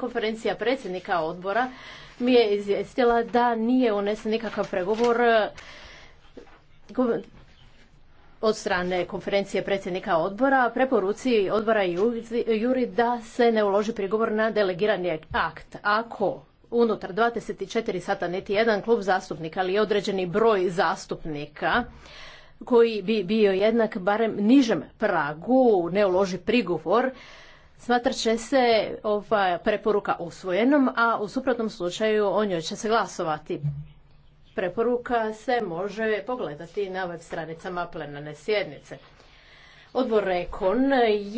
konferencija predsjednika odbora mi je izvijestila da nije unesen nikakav pregovor eh, od strane konferencije predsjednika odbora preporuci odbora Juri da se ne uloži prigovor na delegirani akt. Ako unutar 24 sata niti jedan klub zastupnika ali određeni broj zastupnika koji bi bio jednak barem nižem pragu ne uloži prigovor, smatrat će se ova preporuka usvojenom, a u suprotnom slučaju o njoj će se glasovati. Preporuka se može pogledati na web stranicama plenarne sjednice. Odbor Rekon